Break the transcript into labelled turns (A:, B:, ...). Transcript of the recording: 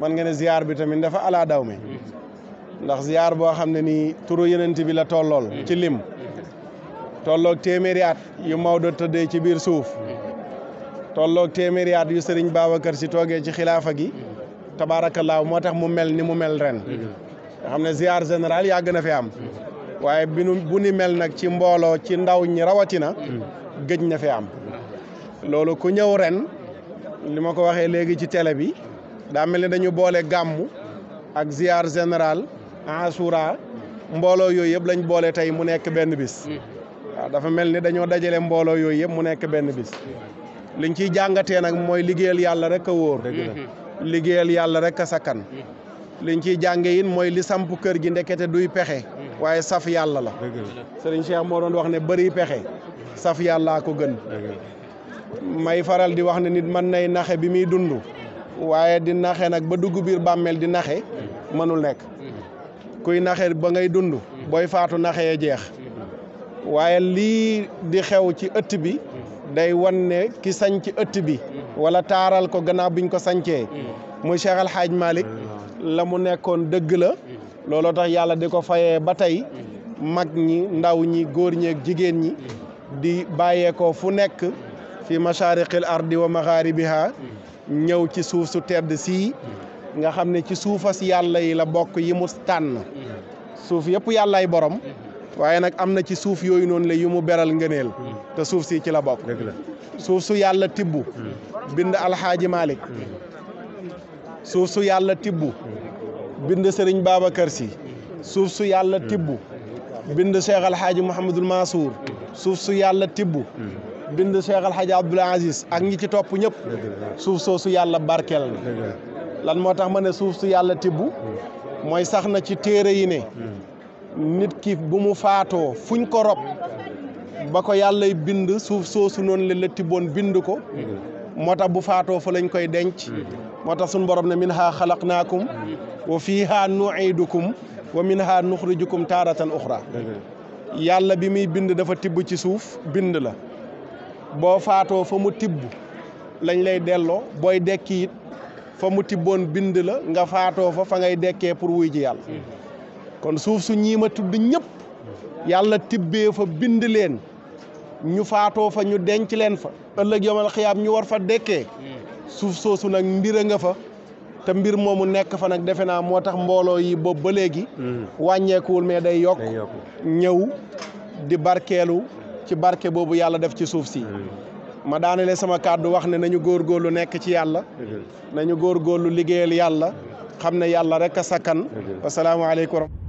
A: man nga ne ziar bi tamit dafa alaa daw mi ndax ziar boo xam ne nii turu yenent bi la tollool ci lim tolloog téeméeri at yu Maodo tëddee ci biir suuf tolloog téeméeri at yu Serigne Babacar si toogee ci xilaafa gi tabaarakallaahu moo tax mu mel ni mu mel ren nga xam ne ziar général yàgg na fi am waaye bi nu bu ni mel nag ci mbooloo ci ndaw ñi rawatina gëj na fi am loolu ku ñëw ren li ma ko waxee léegi ci télé bi daa mel ni dañu boole gàmmu ak ziar général asura mbooloo yooyu yëpp lañ boole tey mu nekk benn bis hmm. dafa mel ni dañoo dajale mbooloo yooyu yëpp mu nekk benn bis liñ ciy jàngatee nag mooy liggéeyal yàlla rek a wóor
B: hmm.
A: liggéeyal yàlla rek a sakkan hmm. liñ ciy jànge yin mooy li samp kër gi ndekete duy pexe waaye saf yàlla la sëriñ Cheikh moo doon wax ne bari pexe saf yàllaa ko gën may faral di wax ne nit mën nay naxe bi muy dund waaye di naxe nag ba dugg biir bàmmeel di naxe mënul nekk kuy naxe ba ngay dund booy faatu naxe jeex waaye lii di xew ci ëtt bi day wan ne ki sanc ëtt bi wala taaral ko gannaaw biñ ko sancee muy Cheikh Al Hadj Malick mu nekkoon dëgg la looloo tax yàlla di ko fayee ba tey mag ñi ndaw ñi góor ñeeg jigéen ñi di bàyyeekoo fu nekk fi mashariqil ardi wa magharibiha ñëw ci suuf su tedd sii nga xam ne ci suufas yàlla yi la bokk yi mu tànn suuf yëpp yàllaay borom waaye nag am na ci suuf yooyu noonu la yu mu beral ngëneel te suuf si ci la bokk suuf su yàlla tibbu bind alxaaji Malick suuf su yàlla tibbu bind sëriñ Babacar si suuf su yàlla tibb bind Cheikh alxaaji Mouhamadul Mansour suuf su yàlla tibb bind Cheikh El Hadj Abdoul ak ñi ci topp ñëpp suuf soosu yàlla barkeel na lan moo tax ma ne suuf su yàlla tibb hmm. mooy sax na ci téere yi ne hmm. nit ki bu mu faatoo fuñ ko rob ba ko yàllay bind suuf soosu noonu leen la tibboon bind ko hmm. moo tax bu faatoo fa lañ koy denc moo tax suñu borom ne min ha xalaqnaakum wa fiiha nuidukum wa min ha nuxrijukum taaratan uxra yàlla bi muy bind dafa tibb ci suuf bind la boo faatoo fa mu tibb lañ lay delloo booy dekki it fa mu tibboon bind la nga faatoo fa fa ngay dekkee pour wuy ji yàlla kon suuf su ñii ma tudd ñëpp yàlla tibbee fa bind leen ñu faatoo fa ñu denc leen fa ëllëg yomal xiyaam ñu war fa dekkee suuf soosu nag mbir nga fa te mbir moomu nekk fa nag defe naa moo tax mbooloo yi boobu ba léegi mm. wàññeekuwul mais day yokk ñëw di barkeelu ci barke boobu yàlla def ci suuf si ma daanale sama kàddu wax ne nañu góor góorgóorlu nekk ci yàlla nañu góorgóorlu liggéeyal yàlla xam ne yàlla rek a sakkan wasalaamu aleykum